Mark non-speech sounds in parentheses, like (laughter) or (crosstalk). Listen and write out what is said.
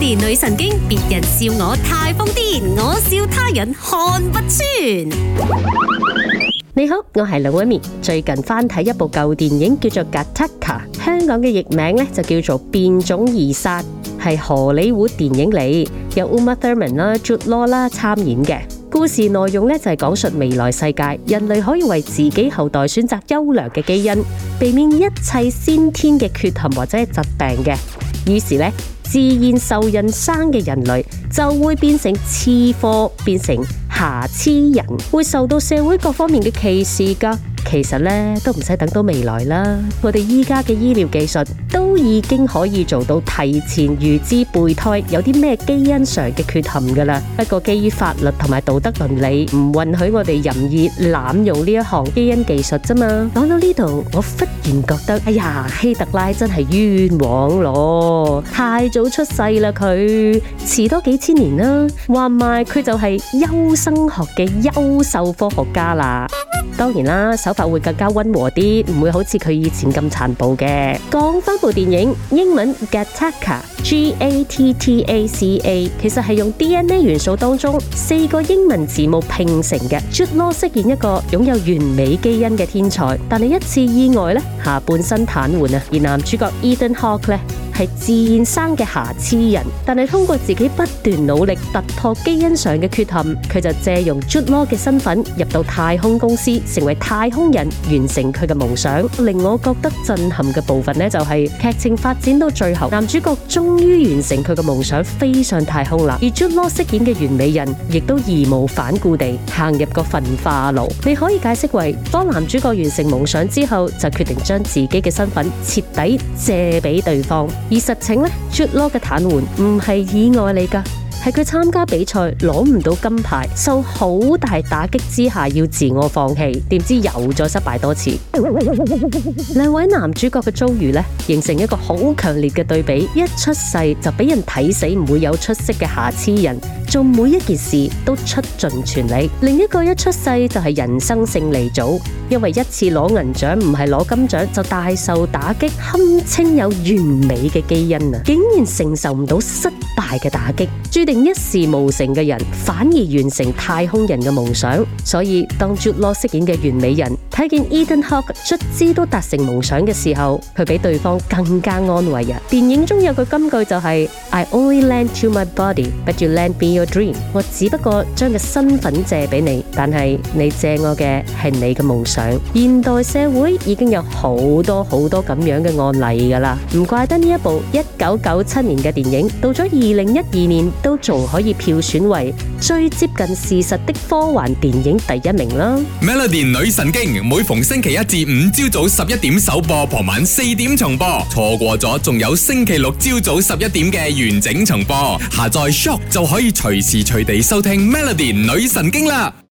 年女神經，別人笑我太瘋癲，我笑他人看不穿。你好，我係龍紋敏。最近翻睇一部舊電影，叫做《Gattaca》，香港嘅譯名咧就叫做《變種異煞》，係荷里活電影嚟，由 Uma Thurman 啦、Jude Law 啦參演嘅。故事內容咧就係講述未來世界，人類可以為自己後代選擇優良嘅基因，避免一切先天嘅缺陷或者疾病嘅。於是咧。自然受孕生嘅人類就會變成次貨，變成瑕疵人，會受到社會各方面嘅歧視㗎。其實呢都唔使等到未來啦，我哋依家嘅醫療技術都已經可以做到提前預知胚胎有啲咩基因上嘅缺陷噶啦。不過基於法律同埋道德倫理，唔允許我哋任意濫用呢一項基因技術啫嘛。講到呢度，我忽然覺得，哎呀，希特拉真係冤枉咯，太早出世啦佢，遲多幾千年啦，話埋佢就係優生學嘅優秀科學家啦。當然啦，會更加溫和啲，唔會好似佢以前咁殘暴嘅。講返部電影，英文 Gattaca，G A T T A C A，其實係用 DNA 元素當中四個英文字母拼成嘅。Jude Law 飾演一個擁有完美基因嘅天才，但係一次意外咧，下半身癱瘓啊。而男主角 Ethan Hawke 咧。係自然生嘅瑕疵人，但係通過自己不斷努力突破基因上嘅缺陷，佢就借用 Jude Law 嘅身份入到太空公司，成為太空人，完成佢嘅夢想。令我覺得震撼嘅部分呢，就是，就係劇情發展到最後，男主角終於完成佢嘅夢想，飛上太空啦。而 Jude Law 飾演嘅完美人亦都義無反顧地行入個焚化爐。你可以解釋為，當男主角完成夢想之後，就決定將自己嘅身份徹底借俾對方。而實情呢，Jude Law 嘅癱瘓唔係意外嚟㗎，係佢參加比賽攞唔到金牌，受好大打擊之下要自我放棄，點知又再失敗多次。 (laughs) 兩位男主角嘅遭遇咧，形成一個好強烈嘅對比：一出世就俾人睇死，唔會有出色嘅瑕疵人。做每一件事都出盡全力，另一個一出世就係人生勝利組，因為一次攞銀獎唔係攞金獎就大受打擊，堪稱有完美嘅基因啊！竟然承受唔到失敗嘅打擊，注定一事無成嘅人反而完成太空人嘅夢想。所以當 Jude Law 飾演嘅完美人睇見 Ethan Hawke 卒之都達成夢想嘅時候，佢比對方更加安慰啊！電影中有句金句就係：I only lend to my body，but you lend me。我只不過將個身份借俾你，但係你借我嘅係你嘅夢想。現代社會已經有好多好多咁樣嘅案例噶啦，唔怪得呢一部一九九七年嘅電影，到咗二零一二年都仲可以票選為最接近事實的科幻電影第一名啦。Melody 女神經，每逢星期一至五朝早十一點首播，傍晚四點重播，錯過咗仲有星期六朝早十一點嘅完整重播。下載 Shock 就可以搶。隨時隨地收聽 Melody 女神經啦！